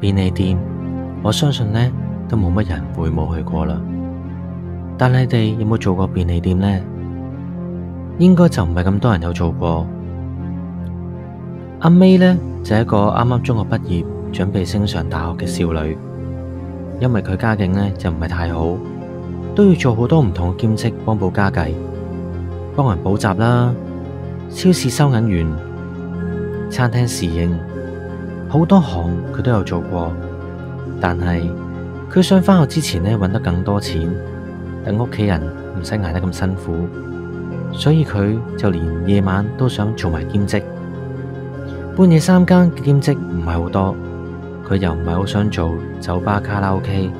便利店，我相信呢。都冇乜人會冇去過啦，但你哋有冇做過便利店呢？應該就唔係咁多人有做過。阿 May 呢，就係一個啱啱中學畢業，準備升上大學嘅少女，因為佢家境呢，就唔係太好，都要做好多唔同嘅兼職幫補家計，幫人補習啦，超市收銀員、餐廳侍應，好多行佢都有做過，但係，佢想返學之前呢揾得更多錢，等屋企人唔使挨得咁辛苦，所以佢就連夜晚都想做埋兼職。半夜三更嘅兼職唔係好多，佢又唔係好想做酒吧卡拉 OK，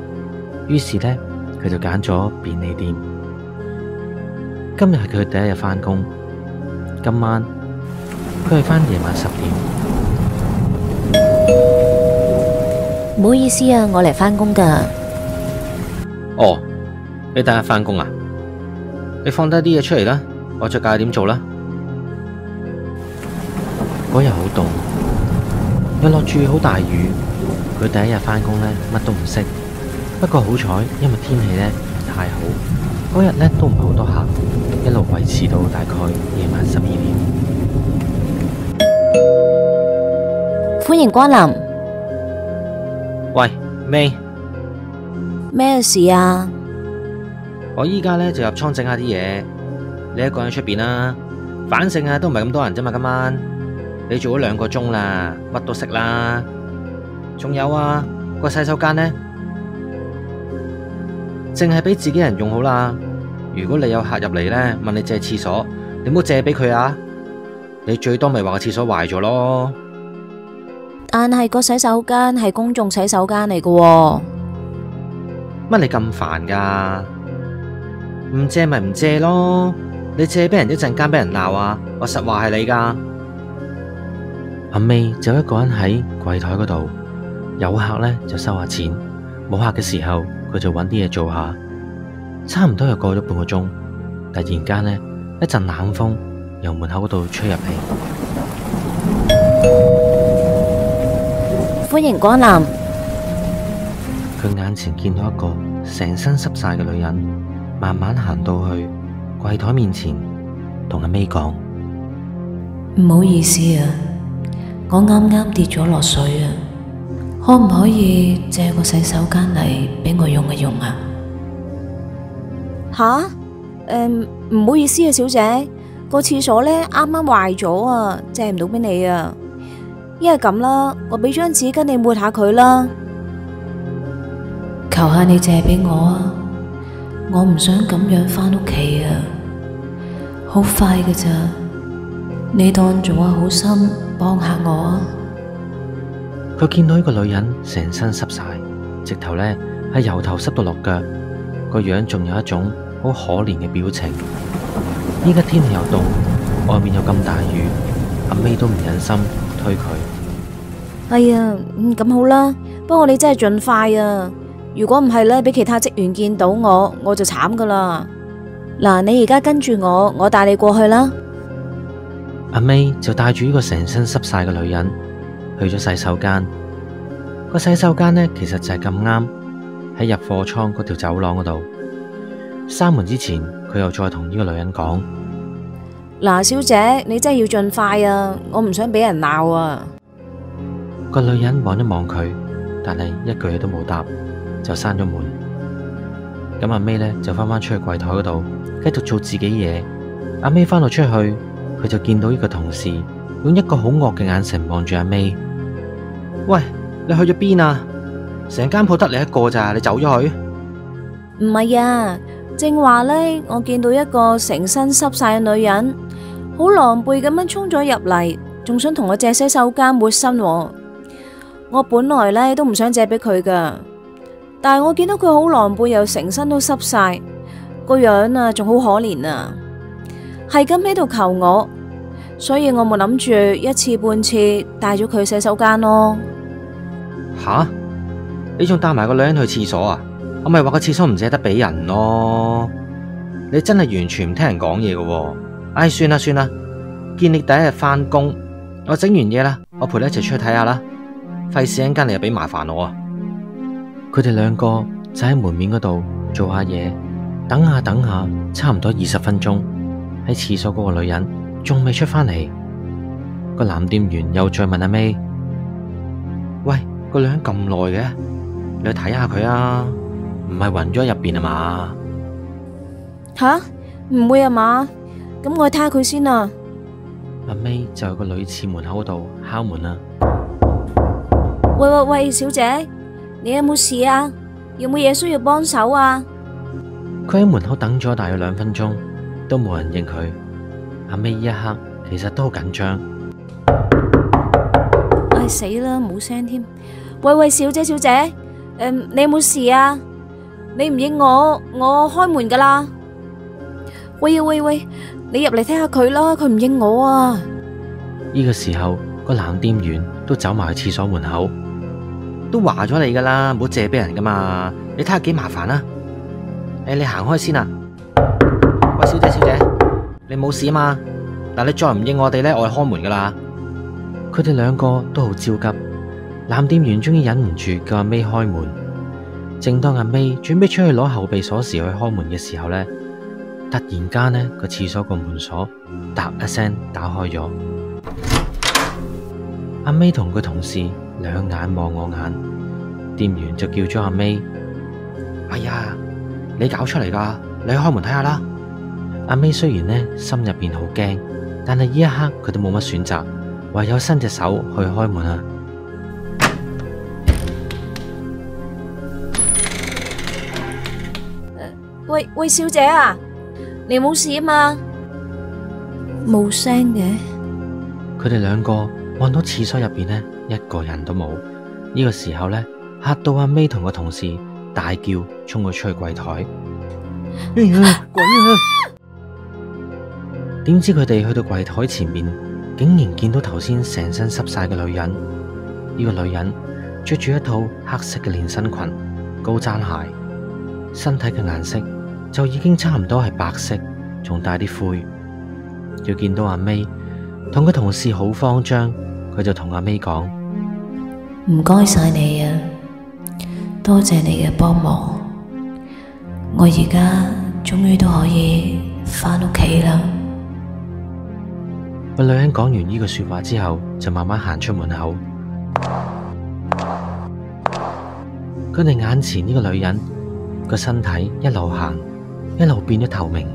於是呢，佢就揀咗便利店。今日係佢第一日返工，今晚佢係返夜晚十點。唔好意思啊，我嚟返工噶。哦，你等下返工啊？你放低啲嘢出嚟啦，我再教下點做啦。嗰日好凍，又落住好大雨。佢第一日返工呢，乜都唔識。不過好彩，因為天氣呢唔太好，嗰日呢都唔係好多客，一路維持到大概夜晚十二點。歡迎光臨。喂，咩？咩事啊？我而家咧就入倉整下啲嘢，你一個人喺出邊啦。反正啊，都唔係咁多人啫嘛，今晚你做咗兩個鐘啦，乜都識啦。仲有啊，個洗手間咧，淨係俾自己人用好啦。如果你有客入嚟咧，問你借廁所，你唔好借俾佢啊。你最多咪話個廁所壞咗咯。但係個洗手間係公眾洗手間嚟噶，乜你咁煩噶？唔借咪唔借咯。你借俾人一陣間俾人鬧啊！我實話係你噶。阿妹就一個人喺櫃台嗰度，有客呢就收下錢，冇客嘅時候佢就揾啲嘢做下。差唔多又過咗半個鐘，突然間呢，一陣冷風由門口嗰度吹入嚟。 歡迎光臨。佢眼前見到一個成身濕晒嘅女人，慢慢行到去櫃台面前，同阿 May 講：唔好意思啊，我啱啱跌咗落水啊，可唔可以借個洗手間嚟俾我用一用啊？吓，誒，唔好意思啊，小姐，個廁所咧啱啱壞咗啊，借唔到俾你啊。一係咁啦，我俾張紙巾你抹下佢啦。求下你借俾我啊！我唔想咁樣返屋企啊，好快噶咋。你當仲係好心幫下我啊。佢見到呢個女人成身濕晒，直頭咧係由頭濕到落腳，個樣仲有一種好可憐嘅表情。依家天氣又凍，外面有咁大雨，阿妹都唔忍心推佢。哎呀，咁、嗯、好啦，不過你真係盡快啊！如果唔係呢，俾其他職員見到我，我就慘噶啦。嗱，你而家跟住我，我帶你過去啦。阿 May 就帶住呢個成身濕晒嘅女人去咗洗手間。個洗手間呢，其實就係咁啱喺入貨倉嗰條走廊嗰度。閂門之前，佢又再同呢個女人講，嗱，小姐，你真係要盡快啊！我唔想俾人鬧啊！個女人望一望佢，但係一句嘢都冇答，就閂咗門。咁阿 May 呢，就翻返出去櫃台嗰度，繼續做自己嘢。阿 May 翻到出去，佢就見到一個同事用一個好惡嘅眼神望住阿 May。喂，你去咗邊啊？成間鋪得你一個咋？你走咗去？唔係啊。正話呢，我見到一個成身濕晒嘅女人，好狼狽咁樣衝咗入嚟，仲想同我借洗手間抹身喎。我本來咧都唔想借俾佢噶，但係我見到佢好狼狽，又成身都濕晒，個樣啊仲好可憐啊，係咁喺度求我，所以我咪諗住一次半次帶咗佢去洗手間咯。吓、啊，你仲帶埋個女人去廁所啊？我咪話個廁所唔借得俾人咯。你真係完全唔聽人講嘢噶。唉、哎，算啦算啦，見你第一日返工，我整完嘢啦，我陪你一齊出去睇下啦。費事一間，你又俾麻煩我啊！佢哋兩個就喺門面嗰度做下嘢，等下等下，差唔多二十分鐘，喺廁所嗰個女人仲未出返嚟。個男店員又再問阿美：，喂，個女人咁耐嘅，你去睇下佢啊！唔係暈咗入邊啊嘛？吓，唔會啊嘛？咁我去睇下佢先啊！阿美、啊、就喺個女廁門口嗰度敲門啊。喂喂喂，小姐，你有冇事啊？有冇嘢需要幫手啊？佢喺門口等咗大約兩分鐘，都冇人應佢。阿尾呢一刻其實都好緊張。唉，死啦，冇聲添。喂喂，小姐，小姐，誒、呃，你有冇事啊？你唔應我，我開門噶啦。喂喂喂，你入嚟睇下佢啦，佢唔應我啊。呢個時候，個冷店員都走埋去廁所門口。都話咗你噶啦，唔好借俾人噶嘛。你睇下幾麻煩啦，啊。誒、欸，你行開先啦。喂，小姐，小姐，你冇事啊嘛？嗱，你再唔應我哋呢，我嚟開門噶啦。佢哋兩個都好焦急。男店員終於忍唔住，叫阿妹開門。正當阿妹準備出去攞後備鎖匙去開門嘅時候呢，突然間呢，個廁所個門鎖嗒一聲打開咗。阿妹同佢同事。兩眼望我眼，店員就叫咗阿 May：「哎呀，你搞出嚟噶，你去開門睇下啦。阿 May 雖然呢，心入邊好驚，但係呢一刻佢都冇乜選擇，唯有伸隻手去開門啦。喂喂，小姐啊，你冇事吖嘛？冇聲嘅。佢哋兩個望到廁所入邊呢。一個人都冇，呢個時候呢，嚇到阿 May 同個同事大叫，衝佢出去櫃台滾、哎、呀啊！點知佢哋去到櫃台前面，竟然見到頭先成身濕晒嘅女人。呢個女人着住一套黑色嘅連身裙、高踭鞋，身體嘅顏色就已經差唔多係白色，仲帶啲灰。就見到阿 May，同個同事好慌張，佢就同阿 May 講。唔該晒你啊，多謝你嘅幫忙，我而家終於都可以翻屋企啦。個女人講完呢個說話之後，就慢慢行出門口。佢哋 眼前呢個女人個身體一路行，一路變咗透明，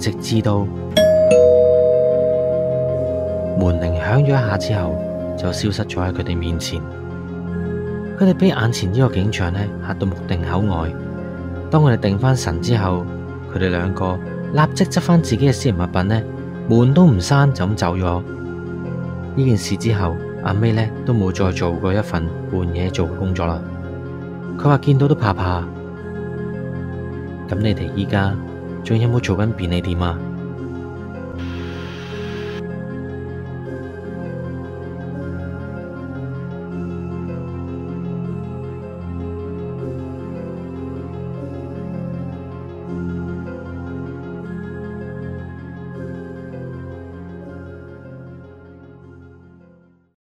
直至到門鈴響咗一下之後，就消失咗喺佢哋面前，佢哋俾眼前個警呢個景象呢嚇到目定口呆。當佢哋定返神之後，佢哋兩個立即執返自己嘅私人物品呢，門都唔閂就咁走咗。呢件事之後，阿 May 咧都冇再做過一份半夜做嘅工作啦。佢話見到都怕怕。咁你哋依家仲有冇做緊便利店嘛？